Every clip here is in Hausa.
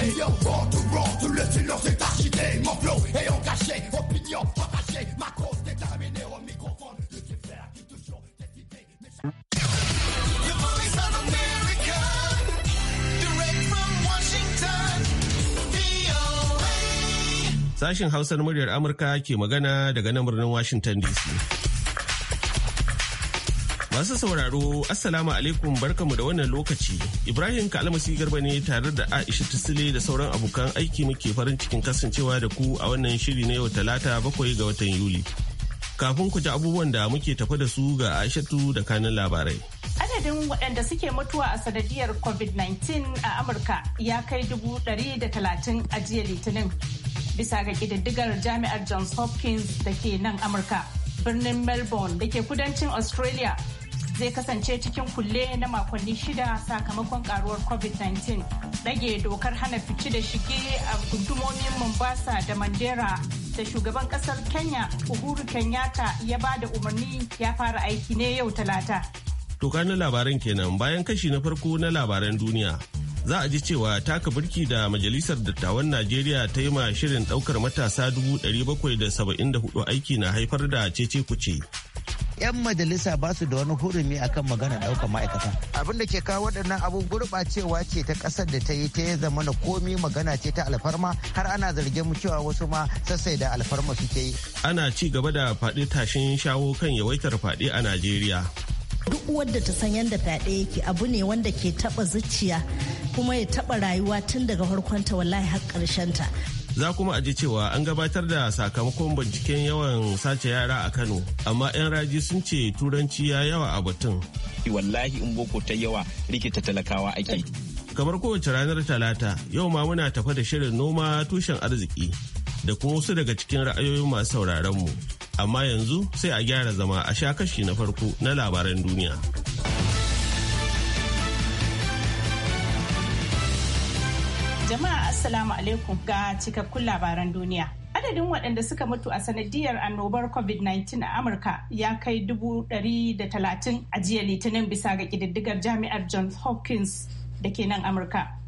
Ayant vent tout rond, tout le silence est Mon flow ayant caché, opinion Ma cause déterminée au microphone qui toujours des idées The voice of America Direct from Washington muryar Amurka ke magana daga nan birnin Washington DC. Masu sauraro, Assalamu alaikum barkamu da wannan lokaci. Ibrahim Kalmasi Garba ne tare da Aisha Tisile da sauran abokan aiki muke farin cikin kasancewa da ku a wannan shiri na yau talata bakwai ga watan Yuli. Kafin ku ji abubuwan da muke tafa da su ga Aishatu da kanin labarai. Adadin waɗanda suke mutuwa a sanadiyar COVID-19 a Amurka ya kai dubu ɗari da talatin a jiya Litinin. Bisa ga ƙididdigar Jami'ar Johns Hopkins da ke nan Amurka. Birnin Melbourne da ke kudancin Australia zai kasance cikin kulle na makonni shida sakamakon karuwar covid-19 rage dokar hana fice da shige a gundumomin mombasa da mandera da shugaban kasar kenya uhuru kenyatta ya ba da umarni ya fara aiki ne yau talata toka na labaran kenan bayan kashi na farko na labaran duniya za a ji cewa taka birki da majalisar dattawan najeriya ta yi ma shirin daukar matasa 774 aiki na haifar da cece kuce 'yan majalisa ba su da wani hurumi akan magana ɗaukar ma'aikata abin da ke kawo waɗannan abu gurɓacewa ce ta ƙasar da ta yi ta ya zama na komi magana ce ta alfarma har ana zargin mu cewa wasu ma sassai da alfarma suke yi ana ci gaba da faɗi tashin shawo kan yawaitar faɗi a najeriya duk wadda ta san yadda fyaɗe yake abu ne wanda ke taɓa zuciya kuma ya taɓa rayuwa tun daga farkonta wallahi har ta za kuma aji cewa an gabatar da sakamakon binciken yawan sace yara a kano amma 'yan raji sun ce turanci ya yawa a batun wallahi in boko ta yawa rikita talakawa ake kamar kowace ranar talata yau ma muna tafa da shirin noma tushen arziki da kuma wasu daga cikin ra'ayoyin masu sauraron mu amma yanzu sai a gyara zama a sha kashi na farko na labaran duniya Jama'a Assalamu alaikum ga cikakkun labaran duniya. Adadin waɗanda suka mutu a sanadiyar annobar COVID-19 a Amurka ya kai dubu ɗari da talatin a jiya Litinin bisa ga ƙididdigar Jami'ar Johns Hopkins da ke nan Amurka.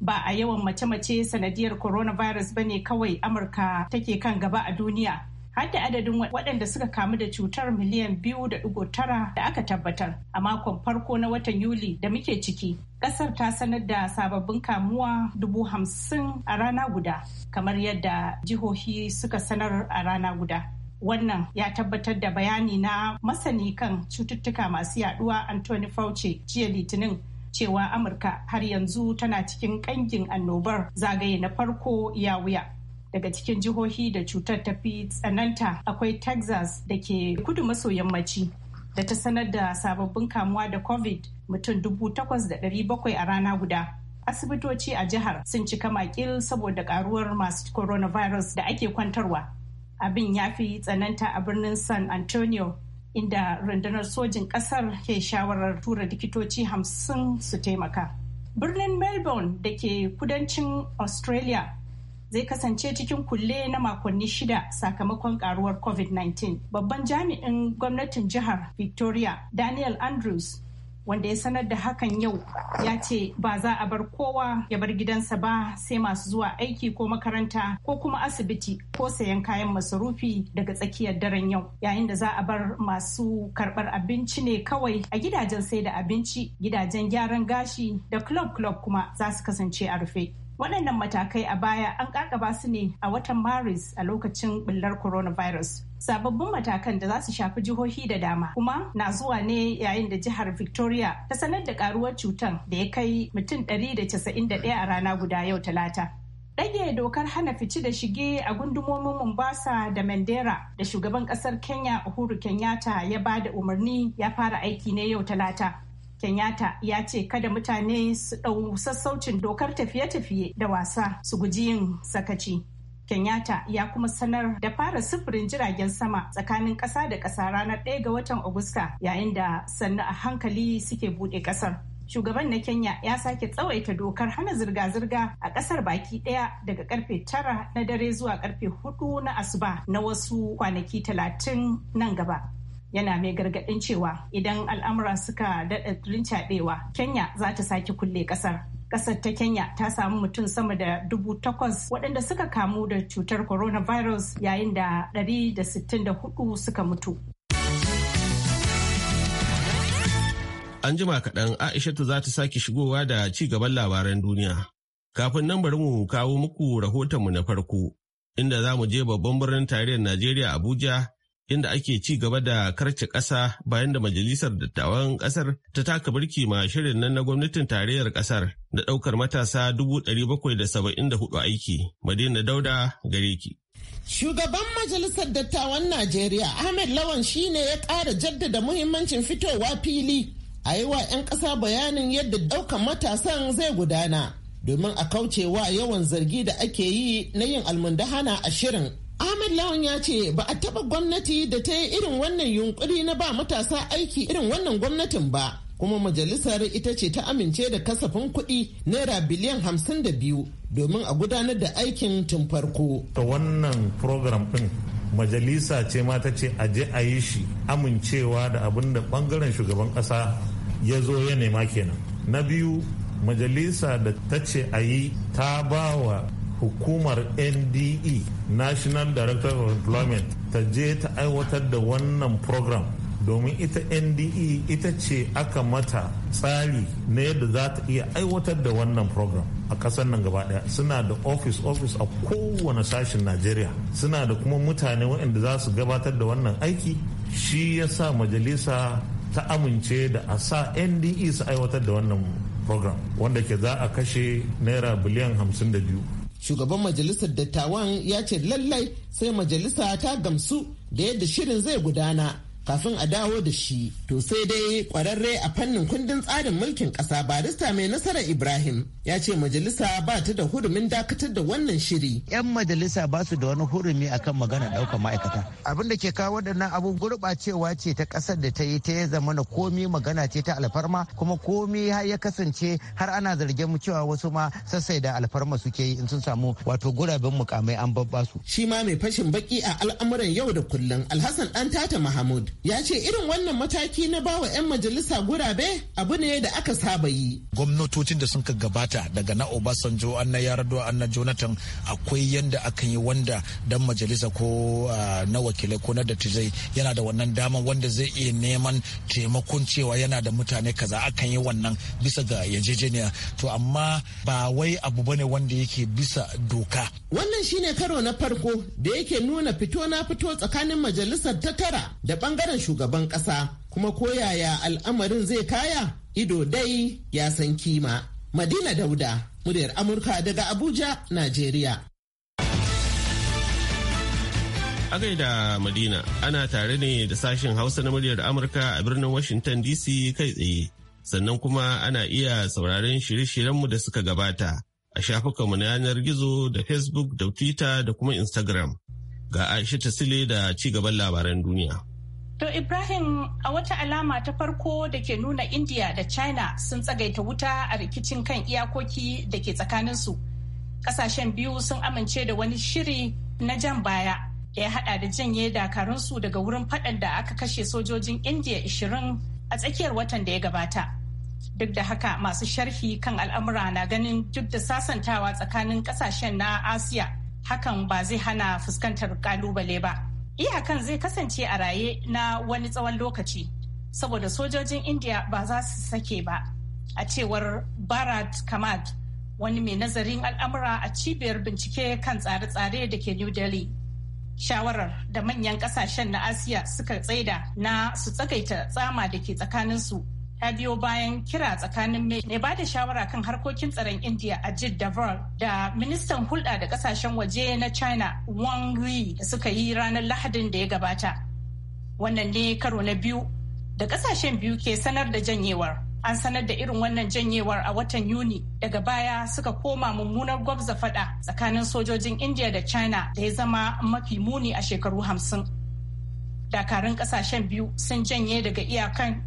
Ba a yawan mace-mace sanadiyar coronavirus ba ne kawai Amurka take kan gaba a duniya. har adadin waɗanda suka kamu da cutar miliyan biyu da ɗigo tara da aka tabbatar a makon farko na watan Yuli da muke ciki. Ƙasar ta sanar da sababbin kamuwa dubu hamsin a rana guda kamar yadda jihohi suka sanar a rana guda. wannan ya tabbatar da bayani na masani kan cututtuka masu yaduwa anthony fauci jiya litinin cewa amurka har yanzu tana cikin kangin annobar zagaye na farko ya wuya daga cikin jihohi da cutar ta fi tsananta akwai texas da ke kudu maso yammaci da ta sanar da sababbin kamuwa da covid mutum dubu takwas da ɗari bakwai a rana guda asibitoci a jihar sun cika makil saboda karuwar masu coronavirus da ake kwantarwa abin ya fi tsananta a birnin san antonio inda rundunar sojin kasar ke shawarar tura likitoci hamsin su taimaka birnin melbourne da ke kudancin australia zai kasance cikin kulle na makonni shida sakamakon karuwar covid-19 babban jami'in gwamnatin jihar victoria daniel andrews wanda ya sanar da hakan yau ya ce ba za a bar kowa ya bar gidansa ba sai masu zuwa aiki ko makaranta ko kuma asibiti ko sayan kayan masarufi daga tsakiyar daren yau yayin da za a bar masu karbar abinci ne kawai a gidajen sai da abinci gidajen gyaran gashi da club club kuma za su kasance a rufe Waɗannan matakai a baya an ƙaƙaba su ne a watan Maris a lokacin ɓullar coronavirus. Sababbin matakan da za su shafi jihohi da dama kuma na zuwa ne yayin da jihar Victoria ta sanar da ƙaruwar cutan da ya kai mutum 191 a rana guda yau talata. Ɗage dokar hana fice da shige a gundumomin Mombasa da Mandera da shugaban ƙasar Kenya Uhuru Kenyatta ya ba da umarni ya fara aiki ne yau talata. kenyatta ya ce kada mutane su ɗau sassaucin dokar tafiye-tafiye da wasa su guji yin sakaci Kenyatta ya kuma sanar da fara sufurin jiragen sama tsakanin ƙasa da ƙasa ranar 1 ga watan Agusta yayin da sannu a hankali suke buɗe ƙasar. Shugaban na Kenya ya sake tsawaita dokar hana zirga-zirga a ƙasar baki ɗaya daga karfe tara na dare zuwa karfe hudu na asuba na wasu kwanaki talatin nan gaba. yana mai gargaɗin cewa idan al'amura suka daɗa rincaɗewa kenya za ta sake kulle ƙasar ƙasar ta kenya ta samu mutum sama da dubu takwas waɗanda suka kamu da cutar coronavirus yayin da ɗari da da sittin hudu suka mutu an jima kaɗan aishatu za ta sake shigowa da ci gaban labaran duniya kafin nan bari mu kawo muku rahotonmu na farko inda za mu je babban birnin tarayyar najeriya abuja inda ake ci gaba da karce ƙasa bayan da majalisar dattawan ƙasar ta taka birki ma shirin nan na gwamnatin tarayyar ƙasar da ɗaukar matasa da da saba'in hudu aiki. Madina Dauda gare ki. Shugaban Majalisar Dattawan Najeriya Ahmed Lawan shine ya ƙara jaddada muhimmancin fitowa fili a yi wa 'yan ƙasa bayanin yadda ɗaukar matasan zai gudana domin a kaucewa yawan zargi da ake yi na yin almundahana a shirin. Muhammad Lawan ya ce ba a taba gwamnati da ta yi irin wannan yunkuri na ba matasa aiki irin wannan gwamnatin ba. kuma majalisar ita ce ta amince da kasafin kuɗi naira biliyan hamsin da biyu domin a gudanar da aikin tun farko. ta wannan program ɗin majalisa ce ma ta ce je a yi shi amincewa da abin da ɓangaren shugaban ƙasa ya zo ya nema kenan na biyu majalisa da ta ce a yi ta ba wa hukumar nde national director of employment ta je ta aiwatar da wannan program domin ita nde ita ce aka mata tsari na yadda za ta iya aiwatar da wannan program a kasar nan gaba daya suna da office office a kowane sashen najeriya suna da kuma mutane waɗanda za su gabatar da wannan aiki shi ya sa majalisa ta amince da a sa nde su aiwatar da wannan program wanda ke za a kashe naira biliyan 52 shugaban majalisar dattawan ya ce lallai sai majalisa ta gamsu da yadda shirin zai gudana kafin a dawo da shi to sai dai kwararre a fannin kundin tsarin mulkin kasa barista mai nasarar ibrahim ya ce majalisa ba ta da hurumin dakatar da wannan shiri yan majalisa ba su da wani hurumi akan magana ɗaukar ma'aikata abin da ke kawo waɗannan abun gurɓacewa ce ta ƙasar da ta yi ta ya zama na komi magana ce ta alfarma kuma komi har ya kasance har ana zargin mu cewa wasu ma sassai da alfarma suke yi in sun samu wato guraben mukamai an babba su shi ma mai fashin baki a al'amuran yau da kullum alhassan dan tata mahamud ya ce irin wannan mataki na bawa 'yan majalisa gurabe abu ne da aka saba yi. Gwamnatocin da sun ka gabata daga na Obasanjo, an na Yar'adua, an na Jonathan akwai yanda aka yi wanda dan majalisa ko ah, na wakilai ko na dattijai yana da wannan dama wanda zai iya neman taimakon cewa yana da mutane kaza akan yi wannan bisa ga yarjejeniya to amma ba wai abu bane wanda yake bisa doka. Wannan shine karo na farko da yake nuna fito na fito tsakanin majalisar ta tara da bangaren bangaren shugaban kasa kuma koyaya al'amarin zai kaya ido dai ya san kima madina dauda muryar amurka daga abuja najeriya a gaida madina ana tare ne da sashen hausa na muryar amurka a birnin washington dc kai tsaye sannan kuma ana iya sauraron shirye-shiryenmu da suka gabata a mu na yanar gizo da facebook da twitter da kuma instagram ga aisha sile da ci gaban labaran duniya To Ibrahim a wata alama ta farko da ke nuna India da China sun tsagaita wuta a rikicin kan iyakoki da ke tsakaninsu. Kasashen biyu sun amince da wani shiri na jan baya da ya hada da janye dakarunsu daga wurin faɗan da aka kashe sojojin India 20 a tsakiyar watan da ya gabata. Duk da haka masu sharhi kan al'amura na ganin duk da sasantawa tsakanin kasashen na Asiya hakan ba zai hana fuskantar kalubale ba. iyakan zai kasance a raye na wani tsawon lokaci saboda sojojin india ba za su sake ba a cewar barat Kamad wani mai nazarin al'amura a cibiyar bincike kan tsare-tsare da ke new delhi shawarar da manyan kasashen na asiya suka tsaida na su tsakaita tsama da ke tsakaninsu ta biyo bayan kira tsakanin mai ba da shawara kan harkokin tsaron india ajit davar da ministan hulɗa da kasashen waje na china wang yi da suka yi ranar lahadin da ya gabata wannan ne karo na biyu da kasashen biyu ke sanar da janyewar an sanar da irin wannan janyewar a watan yuni daga baya suka koma mummunar gwabza fada tsakanin sojojin india da china da ya zama mafi muni a shekaru hamsin dakarun kasashen biyu sun janye daga iyakan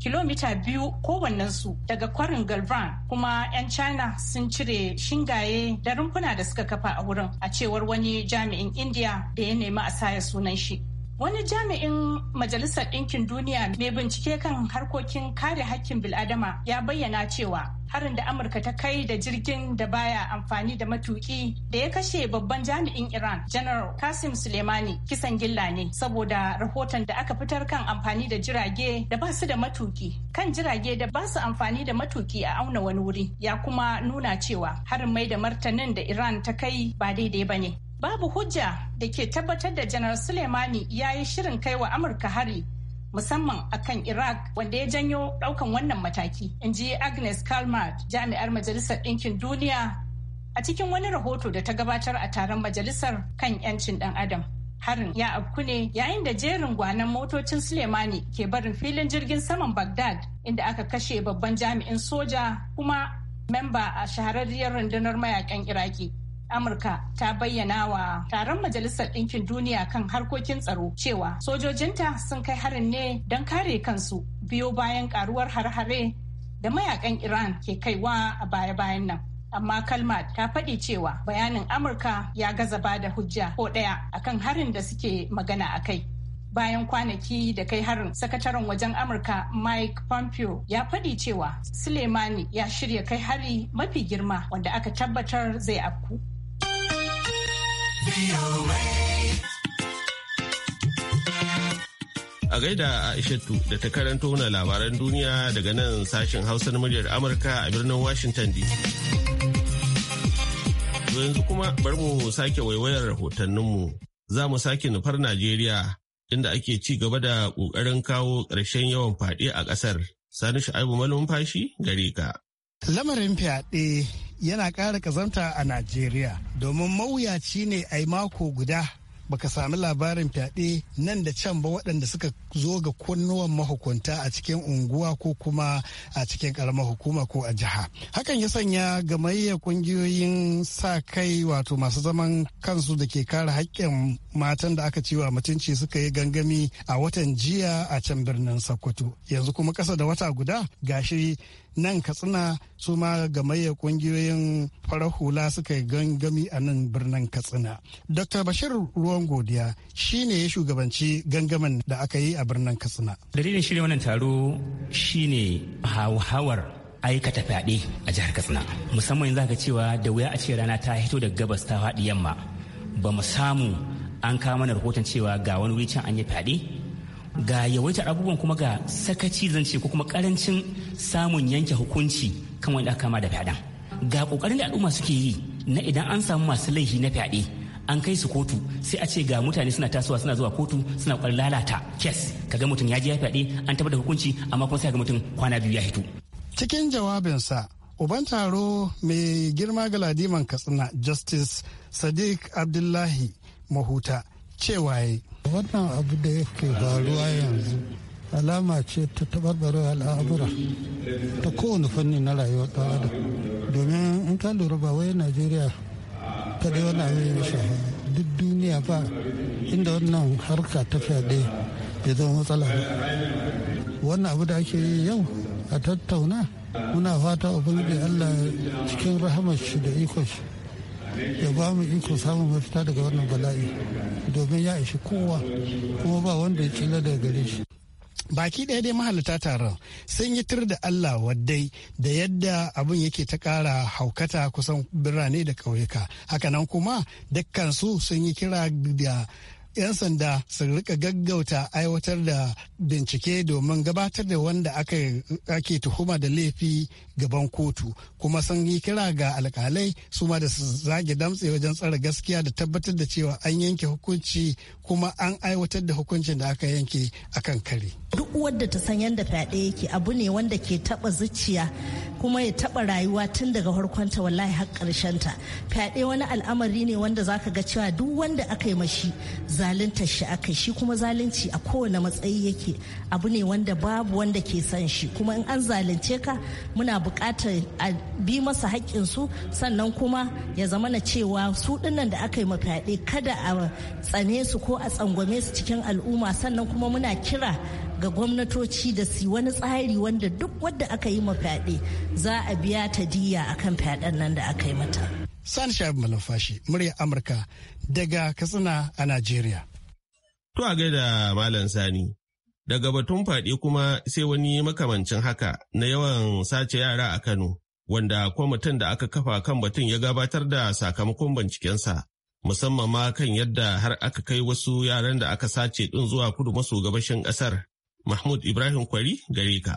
kilomita biyu kowannensu daga kwarin galvan kuma 'yan china sun cire shingaye da rumfuna da suka kafa a wurin a cewar wani jami'in india da ya nemi a saya sunan shi Wani jami'in Majalisar Ɗinkin Duniya mai bincike kan harkokin kare hakkin bil'adama ya bayyana cewa harin da Amurka ta kai da jirgin da baya amfani da matuki da ya kashe babban jami'in Iran, General Qasim Soleimani kisan gilla ne saboda rahoton da aka fitar kan amfani da jirage da ba su da matuki. Kan jirage da ba su amfani da matuki a auna wani wuri ya kuma nuna cewa harin mai da martanin da Iran ta kai ba daidai ba ne. babu hujja da ke tabbatar da janar suleimani ya yi shirin kai wa amurka hari musamman akan Iraq wanda ya janyo daukan wannan mataki, in ji Agnes kalmar jami'ar Majalisar Ɗinkin Duniya a cikin wani rahoto da ta gabatar a taron majalisar kan 'yancin ɗan adam. Harin ya afku ne yayin da jerin gwanan motocin Suleimani ke barin filin jirgin saman Bagdad, inda aka kashe babban jami'in soja kuma memba a shahararriyar rundunar mayakan Iraki. Amurka ta bayyana wa taron Majalisar Ɗinkin Duniya kan harkokin tsaro cewa sojojinta sun kai harin ne don kare kansu biyo bayan karuwar har-hare da mayakan Iran ke kaiwa a baya-bayan nan. amma kalmat ta faɗi cewa bayanin amurka ya gaza ba da hujja ko ɗaya akan harin da suke magana a kai bayan kwanaki da kai harin sakataren wajen amurka mike pompeo ya faɗi cewa suleimani ya shirya kai hari mafi girma wanda aka tabbatar zai afku A gaida Aishatu da ta karanta na labaran duniya daga nan sashen Hausa na muryar Amurka a birnin Washington DC. Yanzu kuma bar mu sake waiwayar rahotanninmu. Za mu sake nufar Najeriya inda ake ci gaba da ƙoƙarin kawo ƙarshen yawan faɗi a ƙasar. Sani Shu'aibu Malumfashi gare ka. Lamarin fyaɗe yana ƙara ƙazanta a Najeriya domin mawuyaci ne a mako guda baka sami labarin fyaɗe nan da can ba waɗanda suka zo ga kunnuwan mahukunta a cikin unguwa ko kuma a cikin ƙaramar hukuma ko a jiha hakan ya sanya gamayyar ƙungiyoyin sa kai wato masu zaman kansu da ke kare haƙƙin matan da aka cewa mutunci suka yi gangami a watan jiya a can birnin sokoto yanzu kuma ƙasa da wata guda gashi nan katsina su ma gamayyar ƙungiyoyin farar hula suka yi gangami a nan birnin katsina dr bashir ruwan taron godiya shine ya shugabanci gangamin da aka yi a birnin katsina dalilin shirya wannan taro shine hauhawar aikata fyaɗe a jihar katsina musamman yanzu aka cewa da wuya a ce rana ta hito da gabas ta faɗi yamma ba mu samu an kawo mana rahoton cewa ga wani wuri can an yi fyaɗe ga yawaitar abubuwan kuma ga sakaci zance ko kuma karancin samun yanke hukunci kan wani aka kama da fyaɗen ga ƙoƙarin da al'umma suke yi na idan an samu masu laifi na fyaɗe an kai su kotu sai a ce ga mutane suna tasowa suna zuwa kotu suna kwar lalata kes kaga mutum ya ji ya fyaɗe an da hukunci amma kuma sai ga mutum kwana biyu ya hito cikin jawabinsa uban taro mai girma ga ladiman katsina justice sadiq abdullahi mahuta cewa ya wannan abu da yake faruwa yanzu alama ce ta tabarbarar al'amura ta kowane fanni na rayuwar ɗan adam domin in ka lura ba wai najeriya kada wani abu ya shafa duk duniya ba inda wannan harka ta fyaɗe ya zama matsala wannan abu da ake yi yau a tattauna muna fata ubangiji allah cikin rahamar shi da ikon shi ya ba mu iko samun mafita daga wannan bala'i domin ya ishi kowa kuma ba wanda ya tsila daga gare shi baki ɗaya dai mahalarta taron sun yi tur da Allah waddai da yadda abin yake ta ƙara haukata kusan birane da ƙauyuka hakanan kuma dukkan su sun yi kira da 'yan sanda su rika gaggauta aiwatar da bincike domin gabatar da wanda ake tuhuma da laifi gaban kotu kuma sun yi kira ga alkalai su ma da su zage damtse wajen tsara gaskiya da tabbatar da cewa an yanke hukunci kuma an aiwatar da hukuncin da aka yanke akan kare duk wadda ta san yadda fyaɗe yake abu ne wanda ke taɓa zuciya kuma ya taɓa rayuwa tun daga farkonta wallahi har ta fyaɗe wani al'amari ne wanda zaka ga cewa duk wanda aka yi mashi zaluntar shi aka shi kuma zalunci a kowane matsayi yake abu ne wanda babu wanda ke son shi kuma in an zalunce ka muna buƙatar a bi masa su sannan kuma ya zama na cewa su dinnan da aka yi ma fyaɗe kada a tsane su ko a tsangwame su cikin al'umma sannan kuma muna kira ga gwamnatoci da su wani tsari wanda duk wadda aka yi ma fyaɗe za a biya ta diya akan fyaɗen nan da aka yi mata. Sani Shahab Malafashi, murya Amurka daga Katsina a Najeriya. To a gaida Malam Sani, daga batun fyaɗe kuma sai wani makamancin haka na yawan sace yara a Kano, wanda kwamitin da aka kafa kan batun ya gabatar da sakamakon bincikensa. musamman ma kan yadda har aka kai wasu yaran da aka sace ɗin zuwa kudu maso gabashin ƙasar Mahmud Ibrahim Kwari gare ka.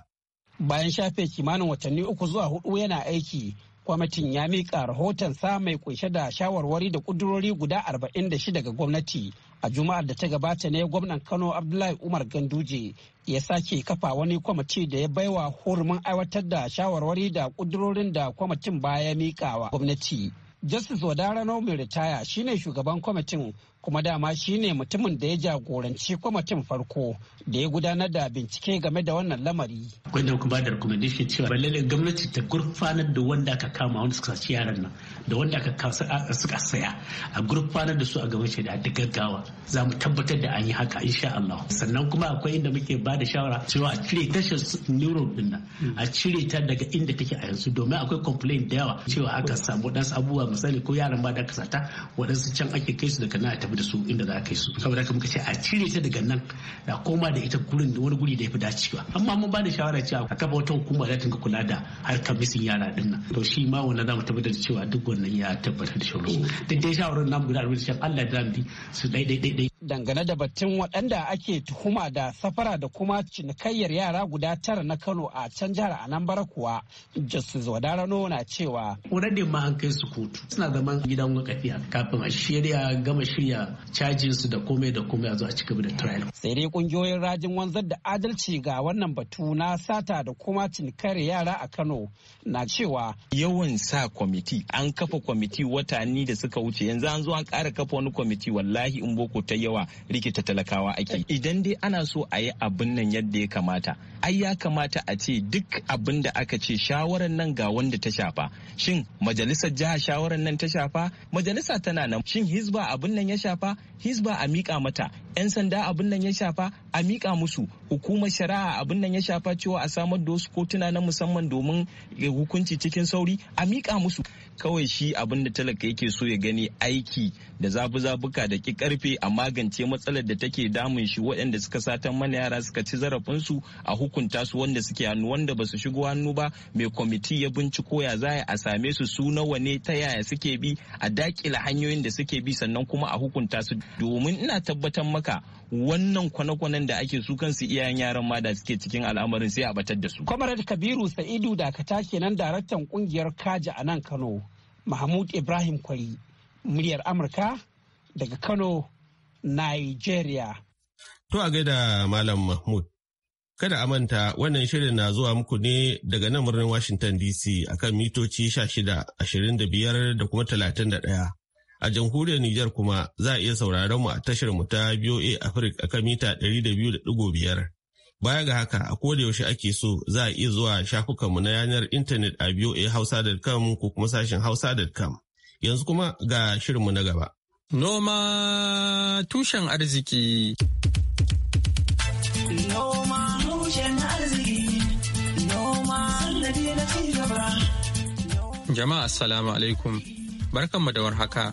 Bayan shafe kimanin watanni uku zuwa hudu yana aiki, kwamitin ya mika rahoton sa mai kunshe da shawarwari da ƙudurori guda 46 daga gwamnati. A juma'ar da ta gabata ne gwamnan Kano Abdullahi Umar Ganduje ya sake kafa wani kwamiti da ya baiwa hurumin aiwatar da shawarwari da ƙudurorin da kwamitin baya miƙa wa gwamnati. Justice Wadara mai Ritaya shine shugaban kwamitin kuma dama shine mutumin da ya jagoranci kwamitin farko da ya gudanar da bincike game da wannan lamari. Gwanda kuma da recommendation cewa ba lallai gwamnati ta gurfanar da wanda aka kama wanda suka saci yaran nan da wanda aka suka saya a gurfanar da su a gaban shari'a da gaggawa za mu tabbatar da an yi haka insha Allah. Sannan kuma akwai inda muke ba da shawara cewa a cire tashar neuron din nan a cire ta daga inda take a yanzu domin akwai complaint da yawa cewa aka samu wadansu abubuwa misali ko yaran ba da aka sata wadansu can ake kai su daga nan a tafi da su inda za ka yi su saboda haka muka ce a cire ta daga nan da koma da ita gurin da wani guri da ya fi dacewa amma mun ba da shawara cewa a kafa wata hukuma za ta kula da harkar misin yara din nan to shi ma wannan za mu tabbatar da cewa duk wannan ya tabbatar da shawarar duk dai shawarar namu guda da shan Allah da bi su dai dai dangane da batun waɗanda ake tuhuma da safara da kuma cinikayyar yara guda tara na Kano a can jihar Anambra kuwa Justice Wadarano na cewa. Wadanda ma an kai su kotu suna zaman gidan wakafiya kafin a shirya gama shirya da charges da komai da komai a zuwa a da trial. Sai dai kungiyoyin rajin wanzar da adalci ga wannan batu na sata da kuma cinikare yara a Kano na cewa yawan sa kwamiti an kafa kwamiti watanni da suka wuce yanzu an zo an kara kafa wani kwamiti wallahi in boko ta yawa rikita talakawa ake idan dai ana so a yi abin nan yadda ya kamata ai ya kamata a ce duk abin da aka ce shawarar nan ga wanda ta shafa shin majalisar jiha shawarar nan ta shafa majalisa tana nan shin hizba abin nan ya shafa shafa hizba a miƙa mata 'yan sanda abin nan ya shafa a mika musu hukumar shari'a abin nan ya shafa cewa a samar da wasu kotuna na musamman domin hukunci cikin sauri a mika musu kawai shi abin da talaka yake so ya gani aiki da zabu-zabuka da ki karfe a magance matsalar da take damun shi waɗanda suka satan mana yara suka ci zarafinsu a hukunta su wanda suke hannu wanda ba shigo hannu ba mai kwamiti ya binciko ya za a same su su nawa ne ta yaya suke bi a dakila hanyoyin da suke bi sannan kuma a hukunta su domin ina tabbatar maka haka wannan kwane-kwanen da ake su kansu iyayen yaran ma da suke cikin al'amarin sai a batar da su. Kwamarar Kabiru Sa'idu Dakata kenan daraktan kungiyar kaji a nan Kano, Mahmud Ibrahim Kwari, muryar Amurka daga Kano, Nigeria. To a gaida Malam Mahmud. Kada a manta wannan shirin na zuwa muku ne daga nan birnin Washington DC akan mitoci 16, 25 da kuma 31. A jamhuriyar Nijar kuma za a iya sauraron mu a tashar mu ta BOA Africa akan mita 200.5. Baya ga haka a koda yaushe ake so za a iya zuwa shafukanmu na yanar intanet a boahausa.com ko kuma sashen hausa.com. Yanzu kuma ga shirinmu na gaba. Noma tushen arziki. Jama'a assalamu alaikum. barkanmu da warhaka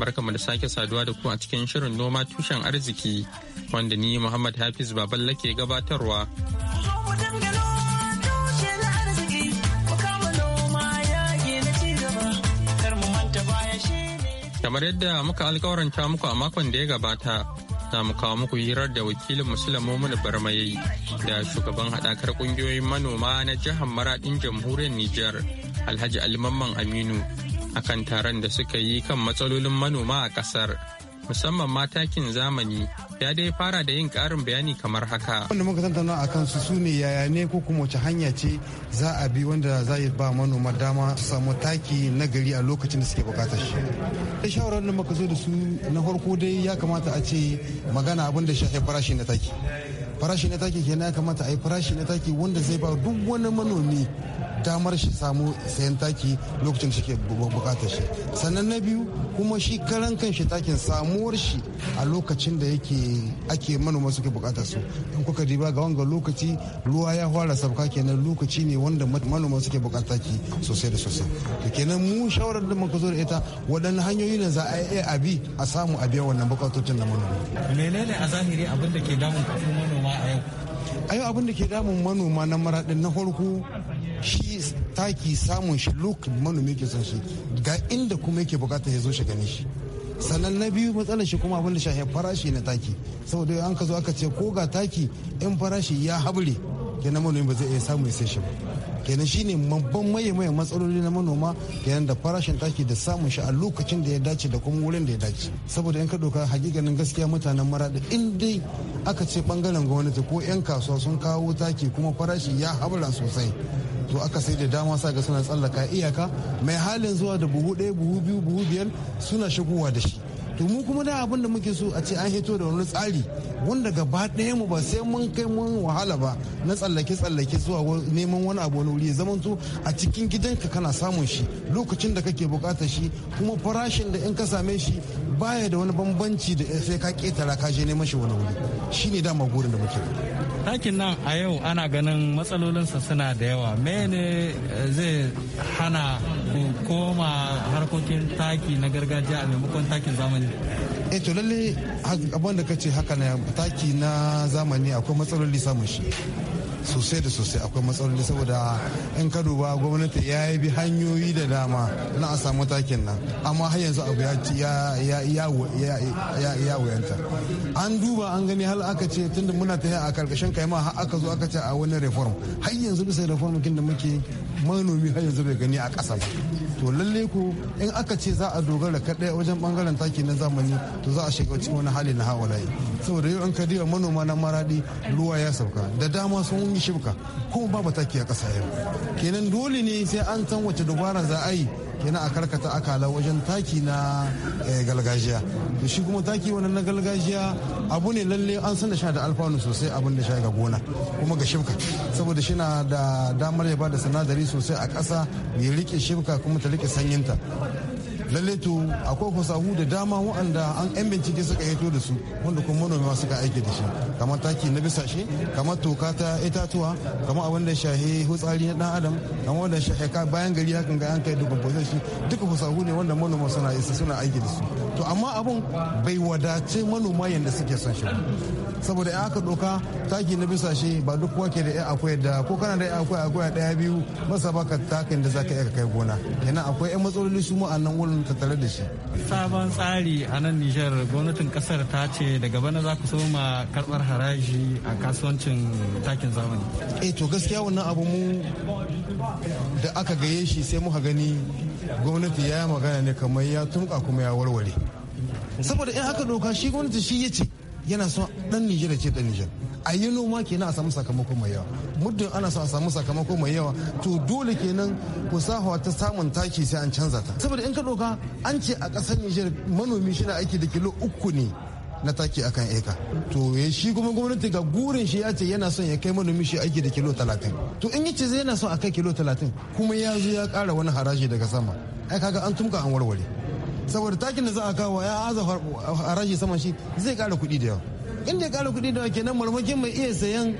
barkanmu da sake saduwa da ku a cikin shirin noma tushen arziki wanda ni Muhammad Hafiz Baballe ke gabatarwa. Kamar yadda muka alkawaranta muku a makon da ya gabata, za mu kawo muku hirar da wakilin Musulun Mumunu barmaye da shugaban haɗakar ƙungiyoyin manoma na jihar Maraɗin Jamhuriyar Nijar, Alhaji Mamman Aminu. akan taron da suka yi kan matsalolin manoma a kasar musamman matakin zamani ya dai fara da yin karin bayani kamar haka. Wanda muka tantana a kansu su sune yaya ne ko kuma wace hanya ce za a bi wanda za a ba manoma dama su samu taki na gari a lokacin da suke bukatar shi. Da shawarar da muka zo da su na farko dai ya kamata a ce magana abin da shafi farashi na taki. Farashi na taki kenan ya kamata a yi farashi na taki wanda zai ba duk wani manomi damar shi samu sayan taki lokacin shi ke bukatar shi sannan na biyu kuma shi karan kan shi takin samuwar shi a lokacin da yake ake manoma suke bukatar su in kuka diba ga wanga lokaci ruwa ya fara sabka kenan lokaci ne wanda manoma suke bukatar taki sosai da sosai to kenan mu shawarar da muka zo da ita waɗannan hanyoyi ne za a yi a bi a samu a biya wannan bukatocin na manoma menene a zahiri abin da ke damun kafin manoma a yau ayo abin da ke damun manoma na maraɗin na farko shi taki samun shi lokacin manomi ke son shi ga inda kuma yake bukata ya zo shi gani shi sannan na biyu matsalar shi kuma abin da shahe farashi na taki saboda an ka zo aka ce ko ga taki in farashi ya habre kenan manomi ba zai iya samun ya shi ba kenan shine babban maye matsaloli na manoma kenan da farashin taki da samun shi a lokacin da ya dace da kuma wurin da ya dace saboda yan ka doka hakikanin gaskiya mutanen maradi in dai aka ce bangaren gwamnati ko yan kasuwa sun kawo taki kuma farashi ya habara sosai to aka sai da dama sa ga suna tsallaka iyaka mai halin zuwa da buhu ɗaya buhu biyu buhu biyar suna shigowa da shi to mu kuma da abin da muke so a ce an hito da wani tsari wanda gaba ɗaya mu ba sai mun kai mun wahala ba na tsallake tsallake zuwa neman wani abu wani wuri zaman to a cikin gidanka kana samun shi lokacin da kake bukatar shi kuma farashin da in ka same shi baya da wani bambanci da sai ka ketara ka je neman shi wani wuri shine dama gurin da muke Takin nan a yau ana ganin matsalolinsa suna da yawa. Mene eh, zai hana ku koma harkokin taki na gargajiya a maimakon takin zamani? e to lalle abin da kace haka na taki na zamani akwai matsaloli samun shi sosai da sosai akwai matsaloli saboda in ka duba gwamnati ya yi bi hanyoyi da dama na a samu takin nan amma har yanzu abu ya wuyanta an duba an gani hal aka ce tunda muna ta a karkashin kaima har aka zo aka ce a wani reform har yanzu bisa reform kin da muke manomi har yanzu bai gani a ƙasa to lalle ko in aka ce za a dogara kaɗai wajen bangaren taki na zamani to za a shiga cikin wani hali na hawa saboda yau an ka manoma na maradi ruwa ya sauka da dama sun yi shimka kuma babu taki a ƙasa yau kenan dole ne sai an san wace dubara za a yi kenan a karkata akala wajen taki na eh, galgajiya da shi kuma taki wannan na galgajiya abu ne lalle an san da sha da alfanu sosai abin da sha ga gona kuma ga shimka saboda shi na da damar ya ba da sinadari sosai a ƙasa ya rike shimka kuma ta rike sanyinta lalle to akwai fasahu da dama waɗanda an yan bincike suka hito da su wanda kuma manoma suka aiki da shi kamar taki na bisashe kamar toka ta itatuwa kamar abin da shahe hutsari na dan adam kamar wanda shahe bayan gari kan ga an kai duk shi duka fasahu ne wanda manoma suna isa suna aiki da su to amma abun bai wadace manoma yanda suke son shi saboda ya aka doka taki na bisashe ba duk kowa ke da ya akwai da ko kana da ya akwai akwai daya biyu masa baka takin da zaka iya kai gona kenan akwai yan matsaloli su mu a nan wurin ta tattare da shi. Sabon tsari a nan Nijar gwamnatin kasar ta ce daga bana za ku soma karbar haraji a kasuwancin takin zamani. Eh to gaskiya wannan abu mu da aka gaye shi sai muka gani gwamnati ya yi magana ne kamar ya tumka kuma ya warware. Saboda in haka doka shi gwamnati shi ya ce yana son dan Nijar ce dan Nijar. a yi noma kenan a samu sakamako mai yawa muddin ana so a samu sakamako mai yawa to dole kenan fasaha ta samun taki sai an canza ta saboda in ka doka an ce a kasar Nijar manomi shi na aiki da kilo uku ne na taki akan eka to ya shi kuma gwamnati ga gurin shi ya ce yana son ya kai manomi shi aiki da kilo 30 to in yace ce yana son a kai kilo 30 kuma ya zo ya kara wani haraji daga sama ai kaga an tumka an warware saboda takin da za a kawo ya aza haraji saman shi zai kara kuɗi da yawa inda ya kara kuɗi da nan marmakin mai iya sayan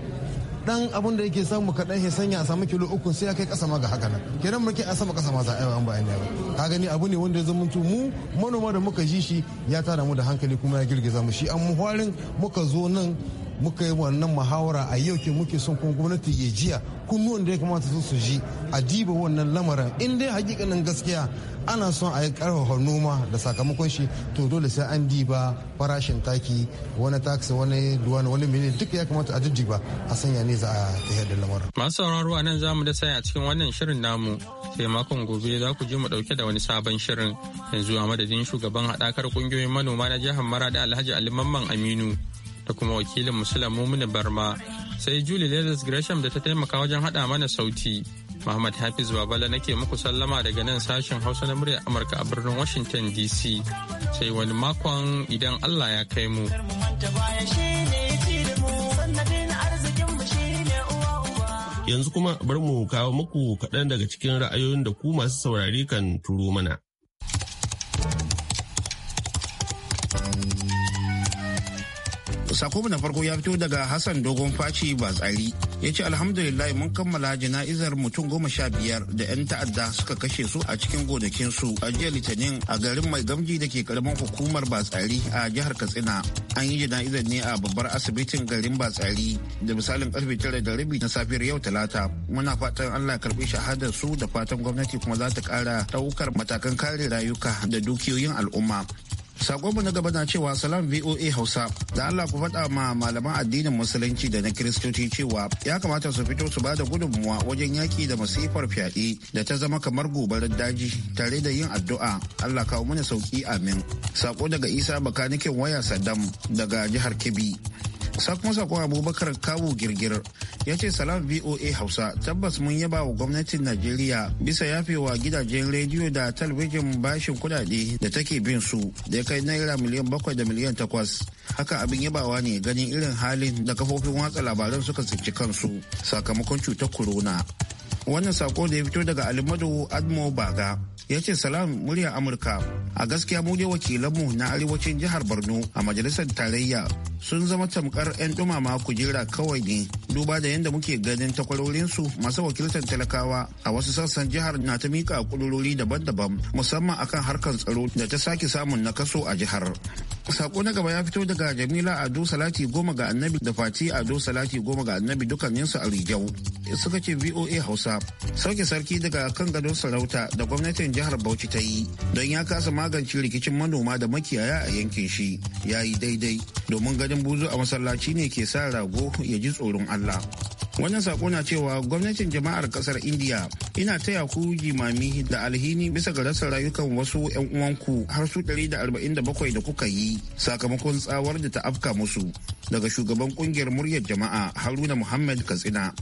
dan abun da yake samu kaɗan ya sanya a samu kilo uku sai ya kai ƙasa ma ga haka nan kenan muke a sama ƙasa ma za a yi wa bayan ba ka gani abu ne wanda ya zama mu manoma da muka ji shi ya tara mu da hankali kuma ya girgiza mu shi an muharin muka zo nan muka yi wannan muhawara a yau ke muke son kuma gwamnati ya jiya kunnuwan da ya kamata su su ji a diba wannan lamarin in dai hakikanin gaskiya ana son a yi karfafa noma da sakamakon shi to dole sai an diba farashin taki wani taksi wani duwani wani mini duk ya kamata a jijjiba a sanya ne za a tafiyar da lamarin. masu sauraro a nan zamu da sai a cikin wannan shirin namu sai makon gobe za ku ji mu ɗauke da wani sabon shirin yanzu a madadin shugaban haɗakar ƙungiyoyin manoma na jihar maradi alhaji mamman aminu da kuma wakilin Musulun Mumini Barma sai Julie Lewis Gresham da ta taimaka wajen hada mana sauti. Muhammad Hafiz Babala nake muku sallama daga nan sashen Hausa na murya Amurka a birnin Washington DC sai wani makon idan Allah ya kai mu. Yanzu kuma bar mu kawo muku kaɗan daga cikin ra'ayoyin da ku masu saurari kan turo mana. Sako na farko ya fito daga Hassan Dogon Faci Batsari. Ya ce alhamdulillah mun kammala jana'izar mutum goma sha biyar da 'yan ta'adda suka kashe su a cikin gonakinsu a jiya Litinin a garin Mai Gamji da ke karamin hukumar Batsari a jihar Katsina. An yi jana'izar ne a babbar asibitin garin Batsari da misalin karfe tara da rabi na safiyar yau Talata. Muna fatan Allah karɓi shahadar su da fatan gwamnati kuma za ta ƙara ɗaukar matakan kare rayuka da dukiyoyin al'umma. Sakonmu na gaba na cewa salam VOA Hausa da Allah ku faɗa ma malaman addinin musulunci da na kiristoci cewa ya kamata su fito su bada gudunmuwa wajen yaki da masifar fyaɗe da ta zama kamar gobarar daji tare da yin addu'a Allah kawo mana sauki amin. Sako daga Isa bakanikin waya Saddam daga jihar Kebbi. sakon sakon abubakar kawo girgir ya ce salam voa hausa tabbas mun yaba wa gwamnatin najeriya bisa yafewa gidajen rediyo da talabijin bashin kudade da take bin su da ya kai naira miliyan bakwai da miliyan takwas haka abin yabawa ne ganin irin halin da kafofin watsa labaran suka tsinci kansu sakamakon cutar corona wannan sako da ya fito daga alimadu admo baga ya ce salam murya amurka a gaskiya mu ne wakilanmu na arewacin jihar borno a majalisar tarayya sun zama tamkar 'yan dumama kujera kawai ne duba da yadda muke ganin takwarorinsu masu wakiltar talakawa a wasu sassan jihar na ta mika kudurori daban-daban musamman akan harkar tsaro da ta sake samun nakaso a jihar sako na gaba ya fito daga jamila ado salati goma ga annabi da fati ado salati goma ga annabi dukkaninsu a rijau suka ce voa hausa sauke sarki daga kan gado sarauta da gwamnatin jihar bauchi ta yi don ya kasa magance rikicin manoma da makiyaya a yankin shi ya yi daidai domin ganin buzu a masallaci ne ke sa rago ya ji tsoron allah Wannan sako na cewa gwamnatin jama'ar kasar indiya ina taya ku jimami da alhini bisa ga rasa rayukan wasu 'yan uwanku har su 147 da kuka yi sakamakon tsawar da ta afka musu daga shugaban kungiyar muryar jama'a Haruna Muhammad Katsina.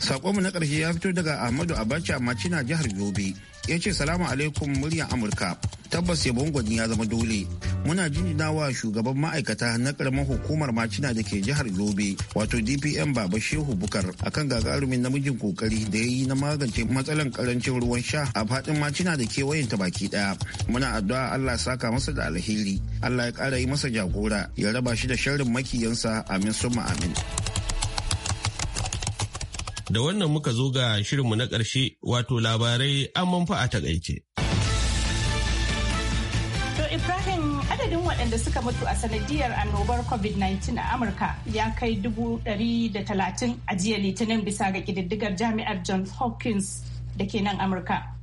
Sakonmu na ƙarshe ya fito daga Ahmadu Abacha Macina jihar Yobe. ya ce salamu alaikum muryar amurka tabbas yabon gwani ya zama dole muna jinjinawa shugaban ma'aikata na karamar hukumar macina da ke jihar yobe wato dpm baba shehu bukar akan gagarumin namijin kokari da ya yi na magance matsalan karancin ruwan sha a fadin macina da wayanta baki daya muna addu'a allah saka masa da alheri allah ya kara yi masa jagora ya raba shi da sharrin makiyansa amin summa amin Da wannan muka zo ga shirinmu na ƙarshe wato labarai an manfa a takaice. To Ibrahim adadin waɗanda suka mutu a sanadiyar annobar COVID-19 a Amurka ya kai dubu ɗari da talatin a jiya litinin bisa ga ƙididdigar jami'ar Johns Hopkins da ke nan Amurka.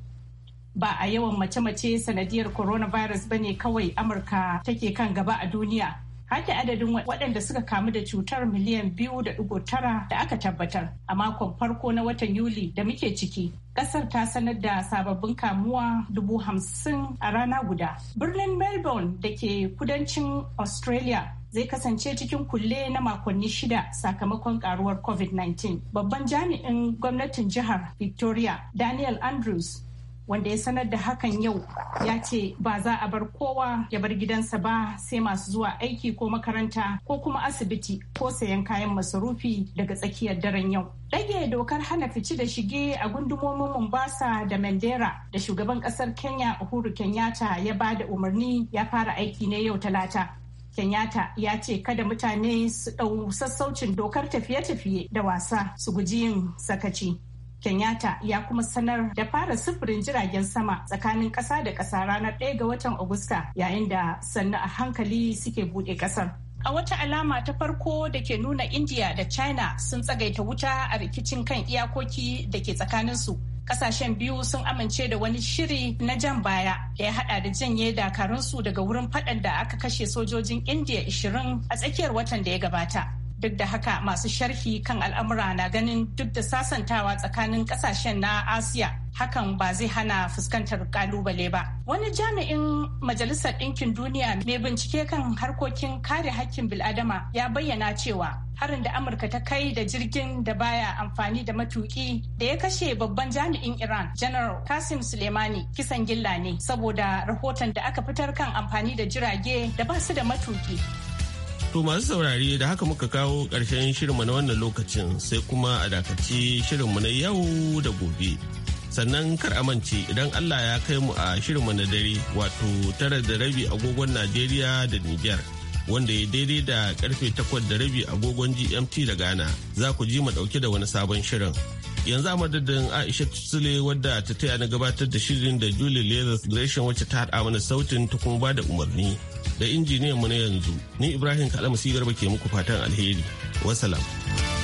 Ba a yawan mace-mace sanadiyar coronavirus ba ne kawai Amurka take kan gaba a duniya. har adadin waɗanda suka kamu da cutar miliyan biyu da ɗigo tara da aka tabbatar a makon farko na watan yuli da muke ciki ƙasar ta sanar da sababbin kamuwa dubu hamsin a rana guda birnin melbourne da ke kudancin australia zai kasance cikin kulle na makonni shida sakamakon karuwar covid-19 babban jami'in gwamnatin jihar victoria daniel andrews wanda ya sanar da hakan yau ya ce ba za a bar kowa ya bar gidansa ba sai masu zuwa aiki ko makaranta ko kuma asibiti ko sayan kayan masarufi daga tsakiyar daren yau. Ɗage dokar hana fice da shige a gundumomin Mombasa da Mandera da shugaban ƙasar Kenya Uhuru Kenyatta ya ba da umarni ya fara aiki ne yau talata. Kenyatta ya ce kada mutane su ɗau sassaucin dokar tafiye-tafiye da wasa su guji yin sakaci. Kenyatta ya kuma sanar da fara sufurin jiragen sama tsakanin ƙasa da ƙasa ranar 1 ga watan Agusta yayin da sannu a hankali suke buɗe ƙasar. A wata alama ta farko da ke nuna India da China sun tsagaita wuta a rikicin kan iyakoki da ke tsakaninsu. Kasashen biyu sun amince da wani shiri na jan baya da ya hada da janye dakarunsu daga wurin faɗan da aka kashe sojojin India 20 a tsakiyar watan da ya gabata. Duk da haka masu sharhi kan al'amura na ganin duk da sasantawa tsakanin kasashen na Asiya hakan ba zai hana fuskantar kalubale ba. Wani jami'in Majalisar Ɗinkin Duniya mai bincike kan harkokin kare hakkin bil'adama ya bayyana cewa harin da Amurka ta kai da jirgin da baya amfani da matuki da ya kashe babban jami'in Iran, General kasim sulemani kisan gilla ne saboda rahoton da aka fitar kan amfani da jirage da ba su da matuki. To masu saurari da haka muka kawo ƙarshen shirinmu na wannan lokacin sai kuma a dakaci shirinmu na yau da gobe. Sannan kar a mance idan Allah ya kai mu a shirinmu na dare wato tara da rabi agogon Najeriya da Nijar. Wanda ya daidai da karfe takwas da rabi agogon GMT da Ghana za ku ji mu dauke da wani sabon shirin. yanzu a madadin aisha sule wadda ta taya na gabatar da shirin da julie leather gresham wacce ta haɗa mana sautin ta kuma ba da umarni da injiniyan mu na yanzu ni ibrahim kalamasi garba ke muku fatan alheri wasalam.